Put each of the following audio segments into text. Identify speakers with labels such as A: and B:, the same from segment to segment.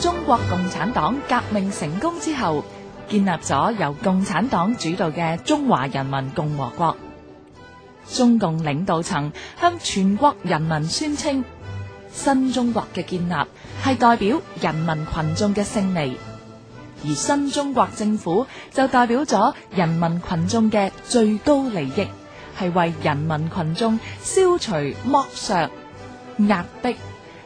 A: 中國共產黨革命成功之後，建立咗由共產黨主導嘅中華人民共和國。中共領導層向全國人民宣稱，新中國嘅建立係代表人民群眾嘅勝利，而新中國政府就代表咗人民群眾嘅最高利益，係為人民群眾消除剝削壓迫。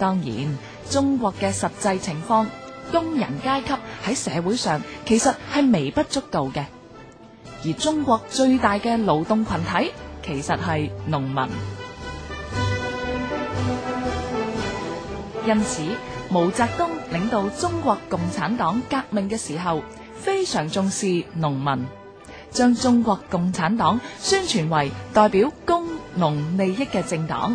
A: 當然，中國嘅實際情況，工人階級喺社會上其實係微不足道嘅，而中國最大嘅勞動群體其實係農民。因此，毛澤東領導中國共產黨革命嘅時候，非常重視農民，將中國共產黨宣傳為代表工農利益嘅政黨。